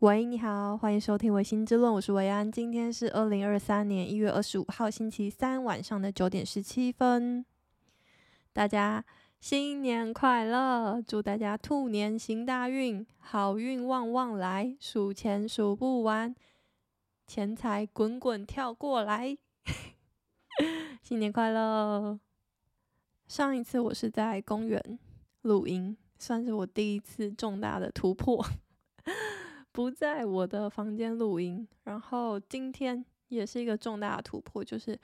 喂，你好，歡迎收聽《薇心之論》，我是唯安。今天是二零二三年一月二十五號星期三晚上的九點十七分。大家新年快樂！祝大家兔年行大運，好運旺旺旺來，數錢數不完，錢財滾滾跳過來。 新年快樂！上一次我是在公園錄音，算是我第一次重大的突破。不在我的房間錄音，然後今天也是一個重大的突破，就是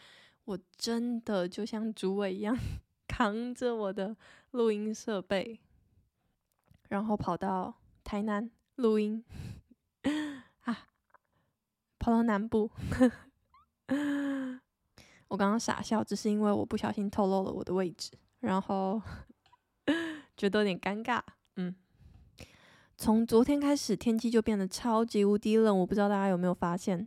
我真的就像竹尾一樣，扛着我的錄音設備，然後跑到台南錄音啊，跑到南部，呵呵，我剛剛傻笑，只是因為我不小心透露了我的位置，然後覺得有點尷尬，嗯。從昨天開始，天氣就變得超級無敵冷。我不知道大家有沒有發現，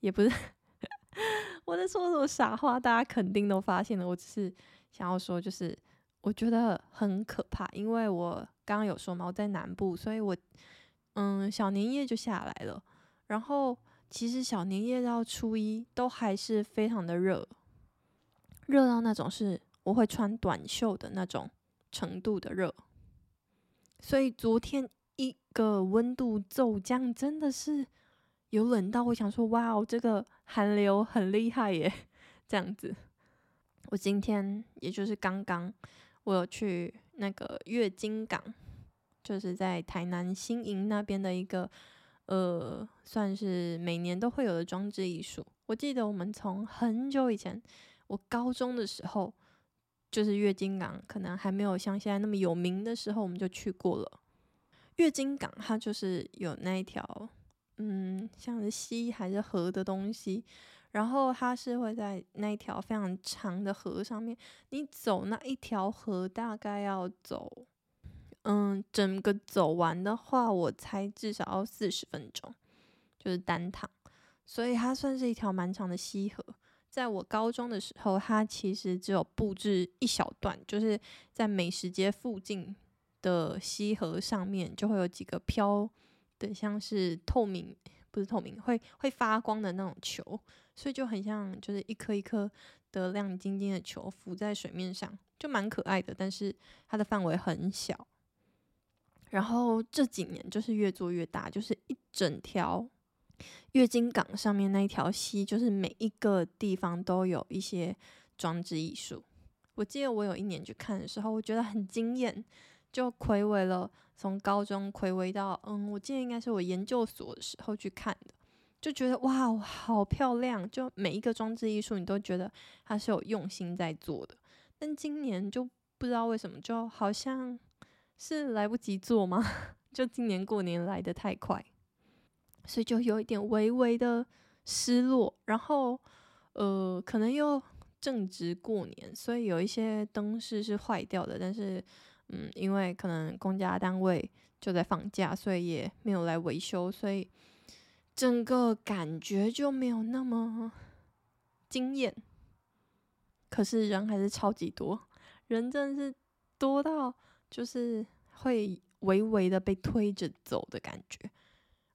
也不是 我在說什麼傻話，大家肯定都發現了。我只是想要說，就是我覺得很可怕，因為我剛剛有說嘛，我在南部，所以我嗯，小年夜就下來了。然後其實小年夜到初一都還是非常的熱，熱到那種是我會穿短袖的那種程度的熱。所以昨天，個溫度驟降，真的是有冷到我想說，哇哦，這個寒流很厲害耶！這樣子。我今天也就是剛剛，我有去那個月津港，就是在台南新營那邊的一個，呃，算是每年都會有的裝置藝術。我記得我們從很久以前，我高中的時候，就是月津港可能還沒有像現在那麼有名的時候，我們就去過了。月津港它就是有那一條，嗯，像是溪還是河的東西，然後它是會在那一條非常長的河上面，你走那一條河大概要走，嗯，整個走完的話，我猜至少要四十分鐘，就是單趟，所以它算是一條蠻長的溪河。在我高中的時候，它其實只有布置一小段，就是在美食街附近。的溪河上面就會有幾個飄的，像是透明不是透明，會會發光的那種球，所以就很像就是一顆一顆的亮晶晶的球浮在水面上，就蠻可愛的。但是它的範圍很小，然後這幾年就是越做越大，就是一整條，月津港上面那一條溪，就是每一個地方都有一些裝置藝術。我記得我有一年去看的時候，我覺得很驚艷。就睽違了，從高中睽違到嗯，我記得應該是我研究所的時候去看的，就覺得哇，好漂亮！就每一個裝置藝術，你都覺得它是有用心在做的。但今年就不知道為什麼，就好像是來不及做嗎？就今年過年來得太快，所以就有一點微微的失落。然後呃，可能又正值過年，所以有一些燈飾是壞掉的，但是。嗯，因為可能公家單位就在放假，所以也沒有來維修，所以整個感覺就沒有那麼驚艷。可是人還是超級多，人真的是多到就是會微微的被推着走的感覺。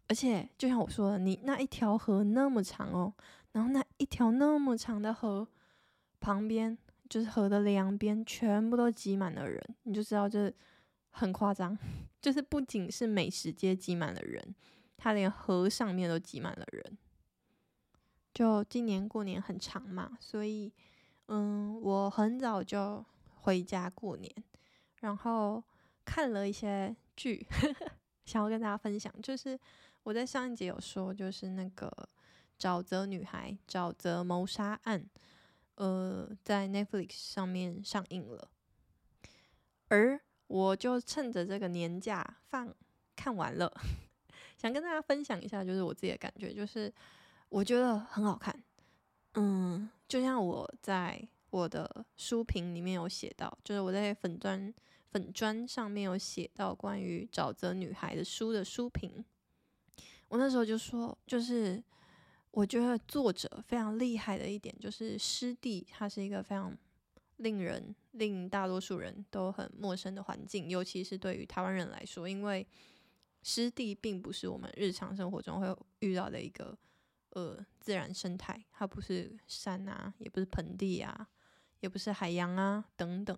而且就像我說的，你那一條河那麼長哦，然後那一條那麼長的河旁邊。就是河的兩邊全部都擠滿了人，你就知道這很誇張。就是不僅是美食街擠滿了人，他連河上面都擠滿了人。就今年過年很長嘛，所以，嗯，我很早就回家過年，然後看了一些劇， 想要跟大家分享。就是我在上一集有說，就是那個《沼澤女孩》《沼澤謀殺案》。呃，在 Netflix 上面上映了，而我就趁着這個年假放看完了，想跟大家分享一下，就是我自己的感覺，就是我覺得很好看。嗯，就像我在我的書評裡面有寫到，就是我在粉專粉專上面有寫到關於《沼澤女孩》的書的書評，我那時候就說，就是。我覺得作者非常厲害的一點就是濕地，它是一個非常令人令大多數人都很陌生的環境，尤其是對於台灣人來說，因為濕地並不是我們日常生活中會遇到的一個呃自然生態，它不是山啊，也不是盆地啊，也不是海洋啊等等。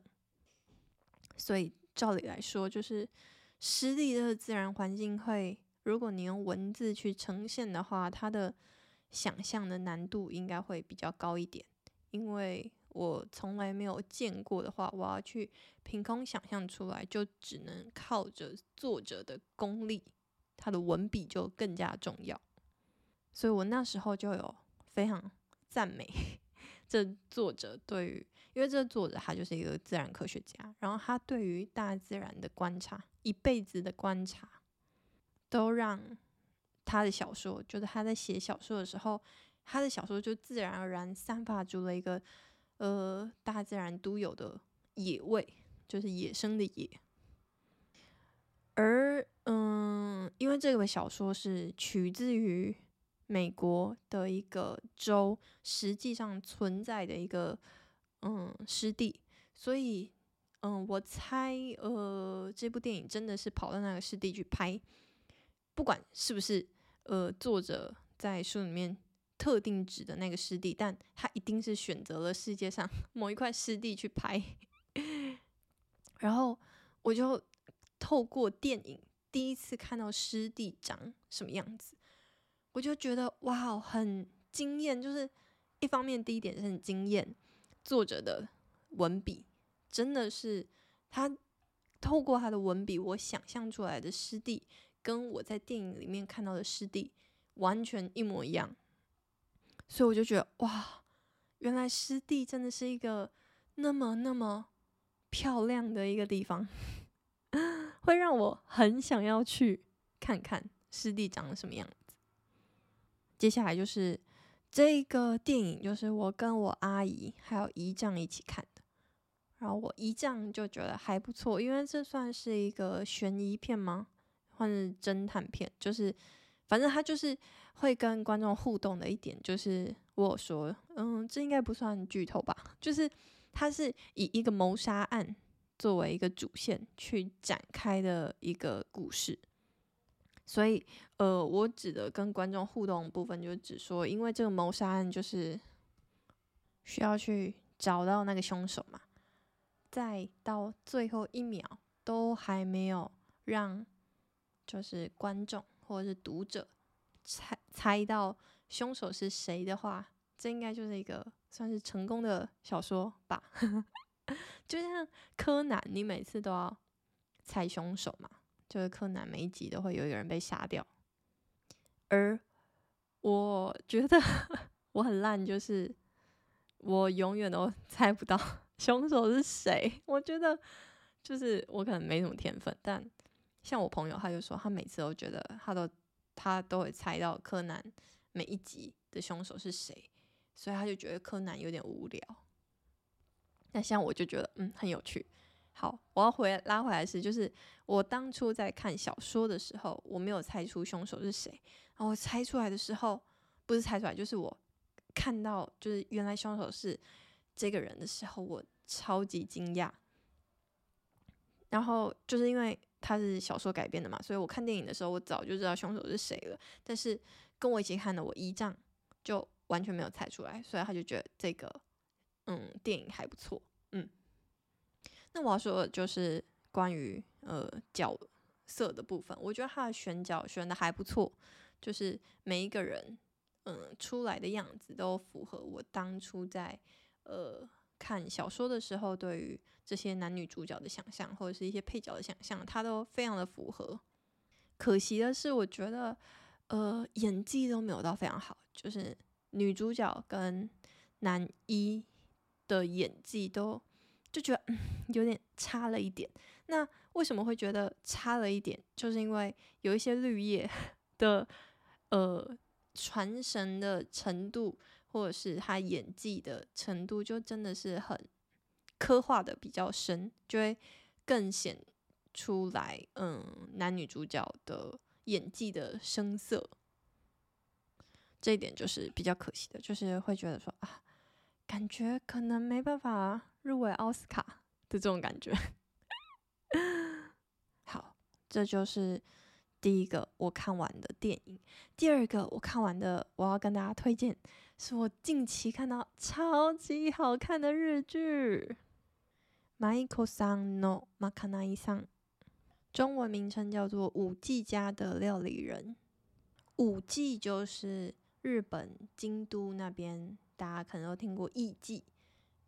所以照理來說，就是濕地這個自然環境會，如果你用文字去呈現的話，它的。想象的難度應該會比較高一點，因為我從來沒有見過的話，我要去憑空想象出來，就只能靠着作者的功力，他的文筆就更加重要。所以我那時候就有非常讚美 這作者對於，因為這作者他就是一個自然科學家，然後他對於大自然的觀察，一輩子的觀察，都讓。他的小說，就是他在寫小說的時候，他的小說就自然而然散發出了一個，呃，大自然獨有的野味，就是野生的野。而，嗯，因為這個小說是取自於美國的一個州實際上存在的一個，嗯，濕地，所以，嗯，我猜，呃，這部電影真的是跑到那個濕地去拍，不管是不是。呃，作者在書裡面特定指的那個濕地，但他一定是選擇了世界上某一塊濕地去拍， 然後我就透過電影第一次看到濕地長什麼樣子，我就覺得哇，很驚豔。就是一方面，第一點是很驚豔，作者的文筆真的是，他透過他的文筆，我想象出來的濕地。跟我在電影裡面看到的濕地完全一模一樣，所以我就覺得哇，原來濕地真的是一個那麼那麼漂亮的一個地方， 會讓我很想要去看看濕地長什麼樣子。接下來就是這個電影，就是我跟我阿姨還有姨丈一起看的，然後我姨丈就覺得還不錯，因為這算是一個懸疑片嗎？或者是偵探片，就是反正他就是會跟觀眾互動的一點，就是我有說，嗯，這應該不算劇透吧？就是他是以一個謀殺案作為一個主線去展開的一個故事，所以呃，我指的跟觀眾互動的部分，就是說，因為這個謀殺案就是需要去找到那個兇手嘛，再到最後一秒都還沒有讓。就是觀眾或者是讀者猜猜到凶手是誰的話，這應該就是一個算是成功的小說吧。 就像柯南，你每次都要猜凶手嘛，就是柯南每一集都會有一個人被殺掉。而我覺得 我很爛，就是我永遠都猜不到凶手是誰。我覺得就是我可能沒什麼天分，但。像我朋友，他就說他每次都覺得他都他都會猜到柯南每一集的兇手是誰，所以他就覺得柯南有點無聊。那像我就覺得嗯很有趣。好，我要回拉回來的是，就是我當初在看小說的時候，我沒有猜出兇手是誰。然後我猜出來的時候，不是猜出來，就是我看到就是原來兇手是這個人的時候，我超級驚訝。然後就是因為。他是小說改編的嘛，所以我看電影的時候，我早就知道兇手是誰了。但是跟我一起看的我姨丈就完全沒有猜出來，所以他就覺得這個嗯電影還不錯，嗯。那我要說的就是關於呃角色的部分，我覺得他的選角選的還不錯，就是每一個人嗯、呃、出來的樣子都符合我當初在呃。看小說的時候，對於這些男女主角的想象，或者是一些配角的想象，它都非常的符合。可惜的是，我覺得，呃，演技都沒有到非常好，就是女主角跟男一的演技都就覺得，嗯，有點差了一點。那為什麼會覺得差了一點？就是因為有一些綠葉的，呃，傳神的程度。或者是他演技的程度，就真的是很刻畫的比較深，就會更顯出來。嗯，男女主角的演技的聲色，這一點就是比較可惜的，就是會覺得說啊，感覺可能沒辦法入圍奧斯卡的這種感覺。 好，這就是第一個我看完的電影。第二個我看完的，我要跟大家推薦。是我近期看到超級好看的日劇《Maiko-san no Makanai-san》，中文名稱叫做《舞伎家的料理人》。舞伎就是日本京都那邊，大家可能都聽過藝妓，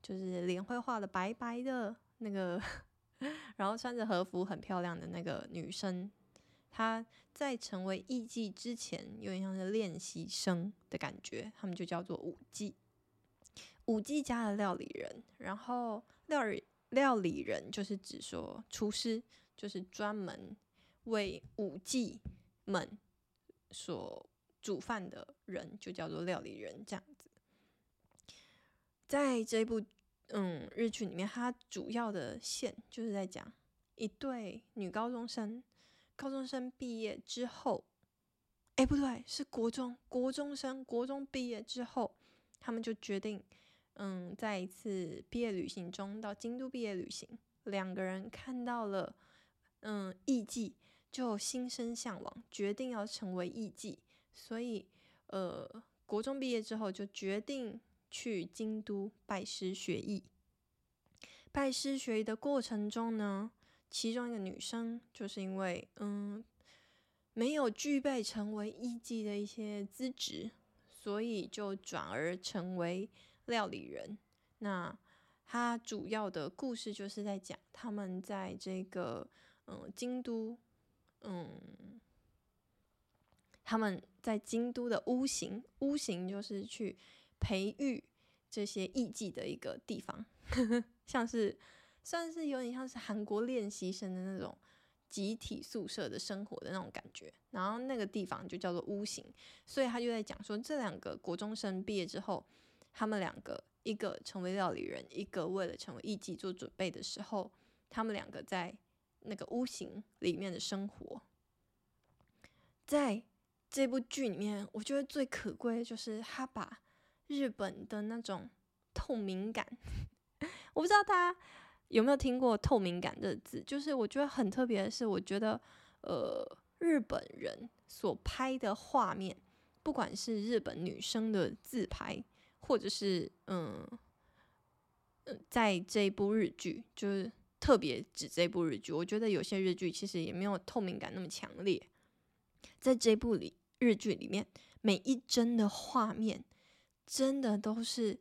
就是臉會畫的白白的那個， 然後穿着和服很漂亮的那個女生。他在成為藝伎之前，有點像是練習生的感覺。他們就叫做舞伎。舞伎家的料理人。然後料理料理人就是指說，廚師就是專門為舞伎們所煮飯的人，就叫做料理人。這樣子，在這一部嗯日劇裡面，它主要的線就是在講一對女高中生。高中生畢業之後，哎、欸，不對，是國中，國中生，國中畢業之後，他們就決定，嗯，在一次畢業旅行中到京都畢業旅行，兩個人看到了，嗯，藝妓，就心生嚮往，決定要成為藝妓。所以，呃，國中畢業之後就決定去京都拜師學藝。拜師學藝的過程中呢。其中一個女生就是因為嗯沒有具備成為藝妓的一些資質，所以就轉而成為料理人。那她主要的故事就是在講他們在這個嗯、呃、京都，嗯，他們在京都的屋形，屋形就是去培育這些藝妓的一個地方， 像是。算是有點像是韓國練習生的那種集體宿舍的生活的那種感覺，然後那個地方就叫做屋形，所以他就在講說這兩個國中生畢業之後，他們兩個一個成為料理人，一個為了成為藝妓做準備的時候，他們兩個在那個屋形裡面的生活。在這部劇裡面，我覺得最可貴的就是他把日本的那種透明感， 我不知道他。有沒有聽過“透明感”這字？就是我覺得很特別的是，我覺得呃，日本人所拍的畫面，不管是日本女生的自拍，或者是嗯嗯、呃，在這一部日劇，就是特別指這部日劇，我覺得有些日劇其實也沒有透明感那麼強烈。在這部裡日劇裡面，每一幀的畫面真的都是。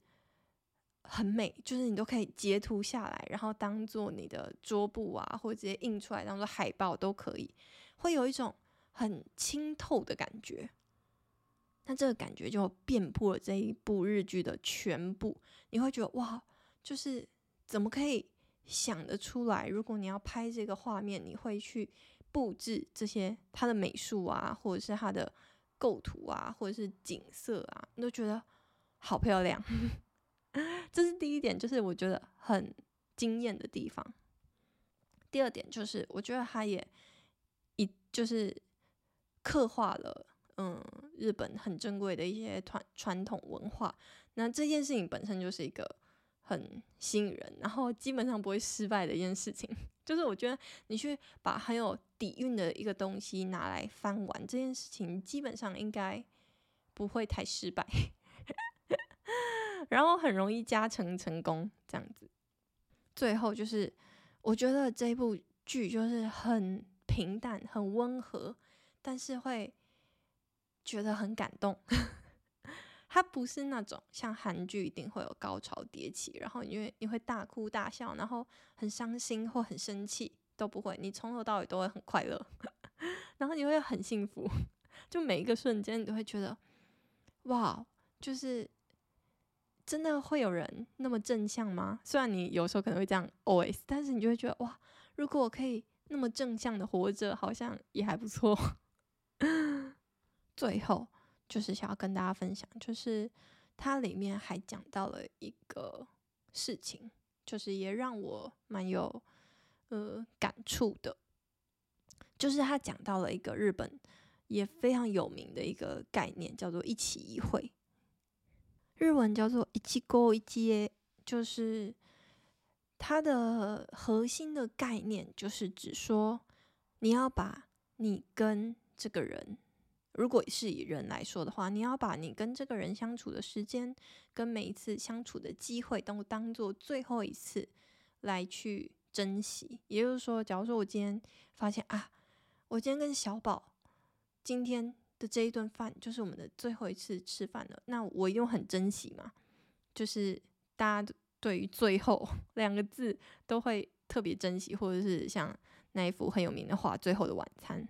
很美，就是你都可以截圖下來，然後當做你的桌布啊，或者直接印出來當做海報都可以。會有一種很清透的感覺，那這個感覺就遍佈了這一部日劇的全部。你會覺得哇，就是怎麼可以想得出來？如果你要拍這個畫面，你會去佈置這些它的美術啊，或者是它的構圖啊，或者是景色啊，你都覺得好漂亮。 這是第一點，就是我覺得很驚艷的地方。第二點就是，我覺得他也一就是刻畫了嗯日本很珍貴的一些傳傳統文化。那這件事情本身就是一個很吸引人，然後基本上不會失敗的一件事情。就是我覺得你去把很有底蘊的一個東西拿來翻完，這件事情基本上應該不會太失敗。然後很容易加成成功，這樣子。最後就是，我覺得這部劇就是很平淡、很溫和，但是會覺得很感動。 它不是那種像韓劇，一定會有高潮迭起，然後因為你會大哭大笑，然後很傷心或很生氣都不會，你從頭到尾都會很快樂， 然後你會很幸福，就每一個瞬間你都會覺得，哇，就是。真的會有人那麼正向嗎？雖然你有時候可能會這樣，always，但是你就會覺得哇，如果我可以那麼正向的活着，好像也還不錯。 最後就是想要跟大家分享，就是它裡面還講到了一個事情，就是也讓我蠻有呃感觸的，就是他講到了一個日本也非常有名的一個概念，叫做“一期一會”。日文叫做“一期一會”，就是它的核心的概念，就是指說你要把你跟這個人，如果是以人來說的話，你要把你跟這個人相處的時間跟每一次相處的機會，都當做最後一次來去珍惜。也就是說，假如說我今天發現啊，我今天跟小寶今天。的這一頓飯就是我們的最後一次吃飯了，那我用很珍惜嘛，就是大家對於“最後”兩個字都會特別珍惜，或者是像那一幅很有名的畫《最後的晚餐》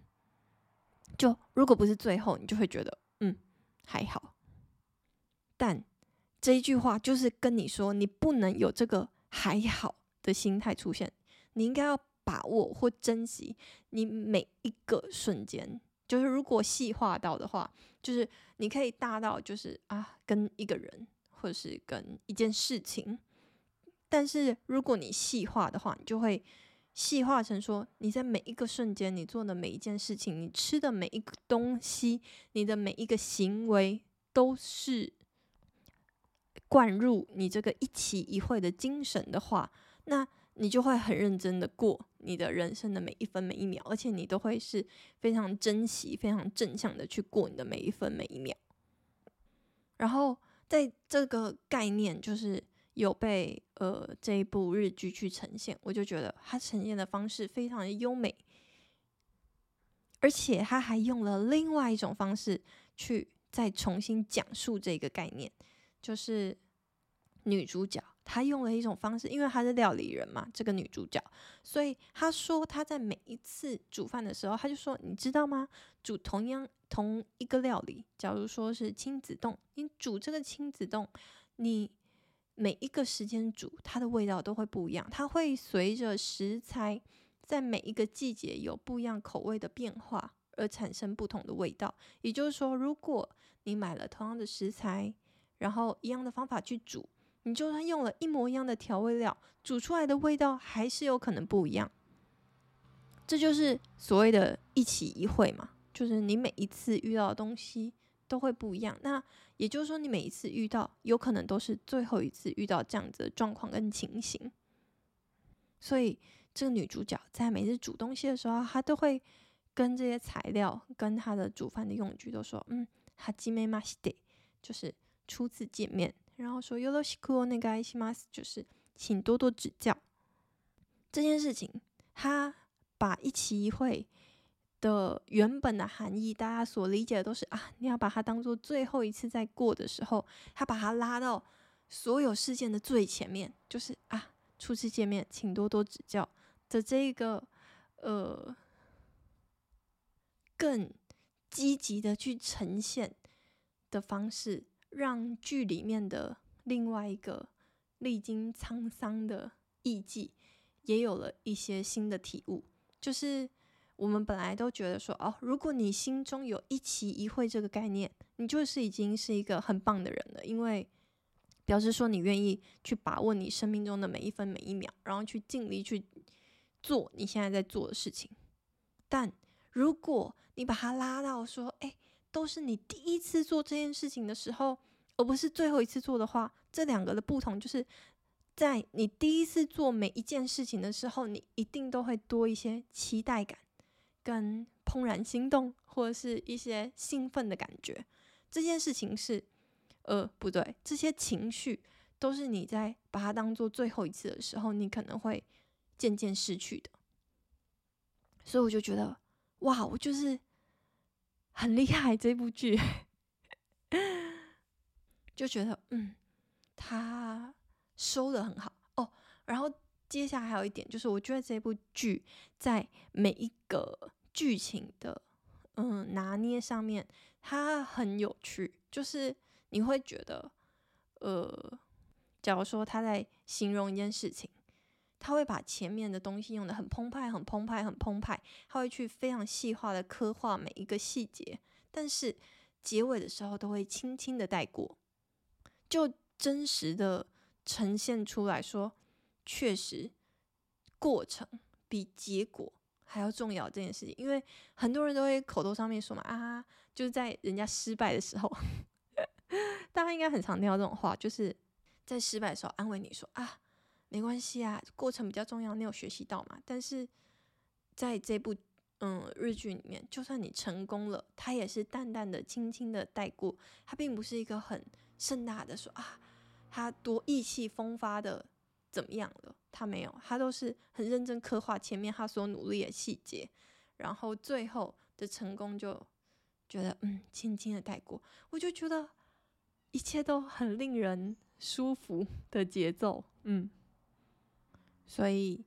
就，就如果不是最後，你就會覺得嗯還好，但這一句話就是跟你說，你不能有這個“還好”的心態出現，你應該要把握或珍惜你每一個瞬間。就是如果細化到的話，就是你可以大到就是啊，跟一個人或者是跟一件事情，但是如果你細化的話，你就會細化成說，你在每一個瞬間，你做的每一件事情，你吃的每一個東西，你的每一個行為，都是灌入你這個一期一會的精神的話，那。你就會很認真的過你的人生的每一分每一秒，而且你都會是非常珍惜、非常正向的去過你的每一分每一秒。然後在這個概念，就是有被呃這一部日劇去呈現，我就覺得它呈現的方式非常的優美，而且它還用了另外一種方式去再重新講述這個概念，就是女主角。他用了一種方式，因為他是料理人嘛，這個女主角，所以他說他在每一次煮飯的時候，他就說，你知道嗎？煮同樣同一個料理，假如說是親子丼，你煮這個親子丼，你每一個時間煮，它的味道都會不一樣，它會隨着食材在每一個季節有不一樣口味的變化而產生不同的味道。也就是說，如果你買了同樣的食材，然後一樣的方法去煮。你就算用了一模一樣的調味料，煮出來的味道還是有可能不一樣。這就是所謂的“一期一會”嘛，就是你每一次遇到的東西都會不一樣。那也就是說，你每一次遇到，有可能都是最後一次遇到這樣子的狀況跟情形。所以，這個女主角在每次煮東西的時候，她都會跟這些材料、跟她的煮飯的用具都說：“嗯，はじめまして”，就是初次見面。然後說，よろしくお願いします，就是請多多指教。這件事情，他把一期一會的原本的含義，大家所理解的都是啊，你要把它當做最後一次再過的時候，他把它拉到所有事件的最前面，就是啊，初次見面，請多多指教的這一個呃，更積極的去呈現的方式。讓劇裡面的另外一個歷經滄桑的藝伎，也有了一些新的體悟。就是我們本來都覺得說，哦，如果你心中有一期一會這個概念，你就是已經是一個很棒的人了，因為表示說你願意去把握你生命中的每一分每一秒，然後去盡力去做你現在在做的事情。但如果你把它拉到說，哎。都是你第一次做這件事情的時候，而不是最後一次做的話，這兩個的不同就是，在你第一次做每一件事情的時候，你一定都會多一些期待感、跟怦然心動，或者是一些興奮的感覺。這件事情是，呃，不對，這些情緒都是你在把它當做最後一次的時候，你可能會漸漸失去的。所以我就覺得，哇，我就是。很厲害這部劇， 就覺得嗯，他收的很好哦。然後接下來還有一點就是，我覺得這部劇在每一個劇情的嗯拿捏，上面，它很有趣，就是你會覺得呃，假如說他在形容一件事情。他會把前面的東西用得很澎湃，很澎湃，很澎湃。他會去非常細化的刻畫每一個細節，但是結尾的時候都會輕輕的帶過，就真實的呈現出來說，確實過程比結果還要重要這件事情。因為很多人都會口頭上面說嘛，啊，就是在人家失敗的時候， 大家應該很常聽到這種話，就是在失敗的時候安慰你說啊。沒關係啊，過程比較重要，你有學習到嘛？但是在這部嗯日劇裡面，就算你成功了，他也是淡淡的、輕輕的帶過，他並不是一個很盛大的說啊，他多意氣風發的怎麼樣了？他沒有，他都是很認真刻畫前面他所努力的細節，然後最後的成功就覺得嗯，輕輕的帶過，我就覺得一切都很令人舒服的節奏，嗯。所以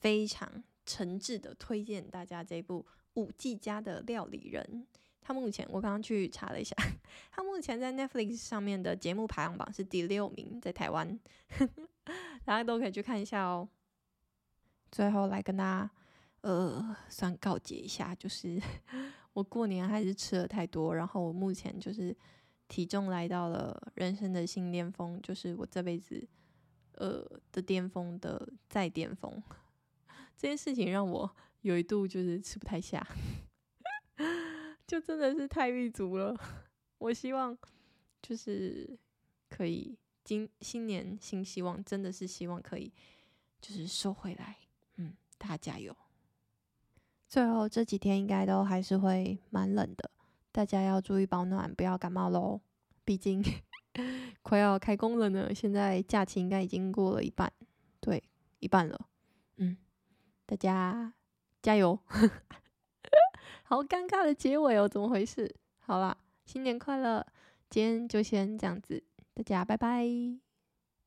非常誠摯的推薦大家這部《舞伎家的料理人》。他目前我剛剛去查了一下，他目前在 Netflix 上面的節目排行榜是第六名，在台灣， 大家都可以去看一下哦。最後來跟大家，呃，算告解一下，就是我過年還是吃了太多，然後我目前就是體重來到了人生的新巔峰，就是我這輩子呃的巔峰的再巔峰，這件事情讓我有一度就是吃不太下， 就真的是太立足了。我希望就是可以今新年新希望，真的是希望可以就是收回來。嗯，大家加油。最後這幾天應該都還是會蠻冷的，大家要注意保暖，不要感冒嘍。畢竟。快要開工了呢，現在假期應該已經過了一半，對，一半了，嗯，大家加油！ 好尷尬的結尾哦，怎麼回事？好啦，新年快樂，今天就先這樣子，大家拜拜。